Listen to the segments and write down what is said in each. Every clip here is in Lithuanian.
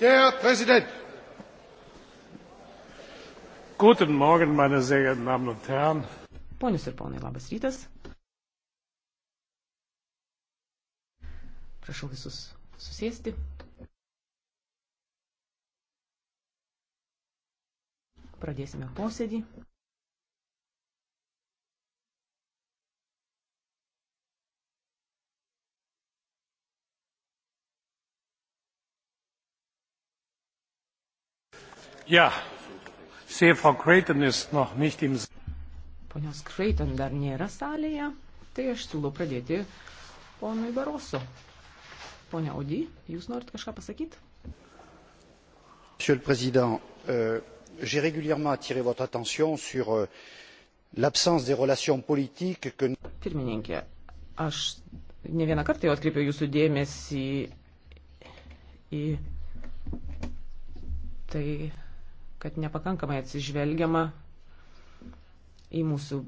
Herr Präsident! Guten Morgen, meine sehr geehrten Damen und Herren! Ponius ir ponai, labas rytas. Prašau visus susėsti. Pradėsime posėdį. Ja, sehe, Frau Creighton ist noch nicht im. Ponios Creighton dar nėra salėje, tai aš siūlau pradėti ponui Baroso. Pone Audy, jūs norit kažką pasakyti? Monsieur le Président, euh, j'ai régulièrement attiré votre attention sur euh, l'absence des relations politiques que. Pirmininkė, aš ne vieną kartą jau atkreipiau jūsų dėmesį į tai, kad nepakankamai atsižvelgiama į mūsų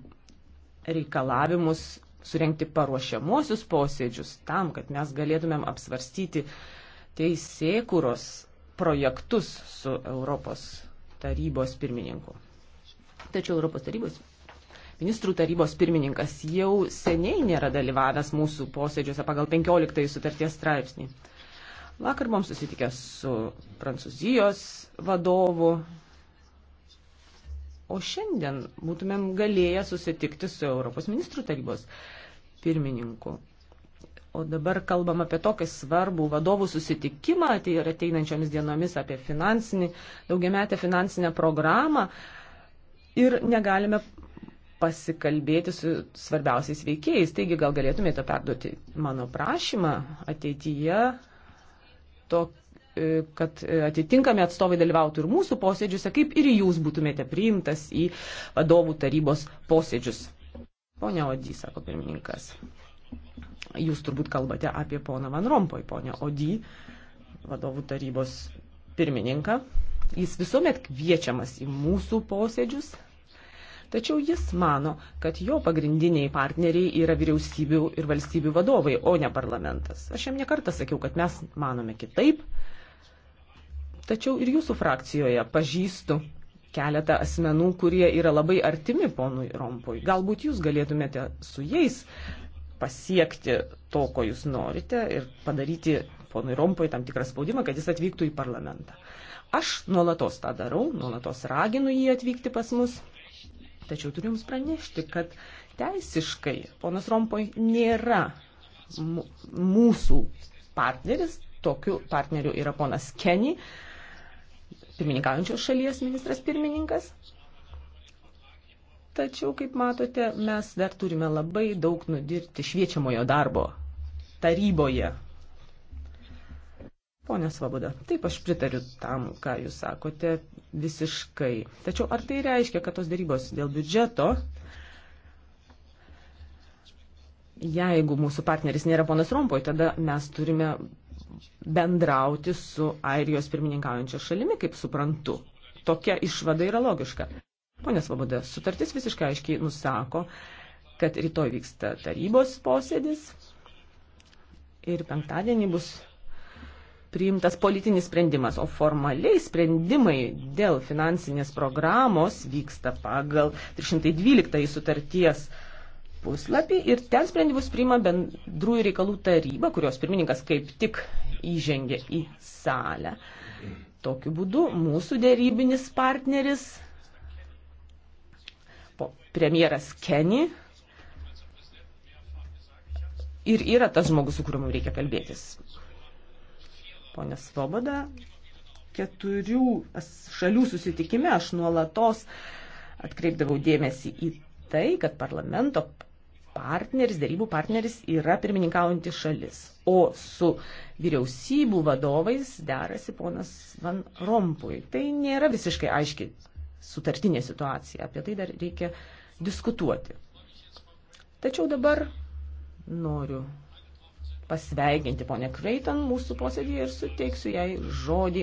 reikalavimus surenkti paruošiamuosius posėdžius tam, kad mes galėtumėm apsvarstyti teisėkuros projektus su Europos tarybos pirmininku. Tačiau Europos tarybos ministrų tarybos pirmininkas jau seniai nėra dalyvavęs mūsų posėdžiuose pagal 15 sutarties straipsnį. Vakar buvom susitikę su Prancūzijos vadovu, o šiandien būtumėm galėję susitikti su Europos ministrų tarybos pirmininku. O dabar kalbam apie tokį svarbų vadovų susitikimą, tai yra ateinančiomis dienomis apie finansinį, daugiametę finansinę programą. Ir negalime pasikalbėti su svarbiausiais veikėjais. Taigi gal galėtumėte perduoti mano prašymą ateityje to, e, kad e, atitinkami atstovai dalyvautų ir mūsų posėdžiuose, kaip ir jūs būtumėte priimtas į vadovų tarybos posėdžius. Pone Odį, sako pirmininkas. Jūs turbūt kalbate apie poną Van Rompoj, ponę Odį, vadovų tarybos pirmininką. Jis visuomet kviečiamas į mūsų posėdžius, Tačiau jis mano, kad jo pagrindiniai partneriai yra vyriausybių ir valstybių vadovai, o ne parlamentas. Aš jam nekartą sakiau, kad mes manome kitaip. Tačiau ir jūsų frakcijoje pažįstu keletą asmenų, kurie yra labai artimi ponui Rompui. Galbūt jūs galėtumėte su jais pasiekti to, ko jūs norite ir padaryti ponui Rompui tam tikrą spaudimą, kad jis atvyktų į parlamentą. Aš nuolatos tą darau, nuolatos raginu jį atvykti pas mus. Tačiau turiu Jums pranešti, kad teisiškai ponas Rompoj nėra mūsų partneris, tokiu partneriu yra ponas Kenny, pirmininkaujančios šalies ministras pirmininkas. Tačiau, kaip matote, mes dar turime labai daug nudirbti šviečiamojo darbo taryboje. Pone Svoboda, taip aš pritariu tam, ką jūs sakote visiškai. Tačiau ar tai reiškia, kad tos darybos dėl biudžeto, jeigu mūsų partneris nėra ponas Rompoj, tada mes turime bendrauti su Airijos pirmininkaujančia šalimi, kaip suprantu. Tokia išvada yra logiška. Pone Svoboda, sutartis visiškai aiškiai nusako, kad rytoj vyksta tarybos posėdis ir penktadienį bus priimtas politinis sprendimas, o formaliai sprendimai dėl finansinės programos vyksta pagal 312 sutarties puslapį ir ten sprendimus priima bendrųjų reikalų taryba, kurios pirmininkas kaip tik įžengė į salę. Tokiu būdu mūsų dėrybinis partneris, premjeras Kenny, ir yra tas žmogus, su kuriuo mums reikia kalbėtis ponė Svoboda, keturių šalių susitikime aš nuolatos atkreipdavau dėmesį į tai, kad parlamento partneris, darybų partneris yra pirmininkaujanti šalis. O su vyriausybų vadovais derasi ponas Van Rompui. Tai nėra visiškai aiški sutartinė situacija. Apie tai dar reikia diskutuoti. Tačiau dabar noriu pasveikinti ponę Kreitan mūsų posėdėje ir suteiksiu jai žodį,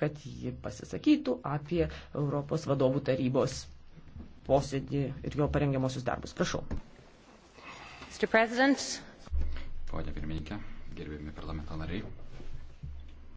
kad ji pasisakytų apie Europos vadovų tarybos posėdį ir jo parengiamosius darbus. Prašau. Pone pirmininkė, gerbėmi parlamento nariai.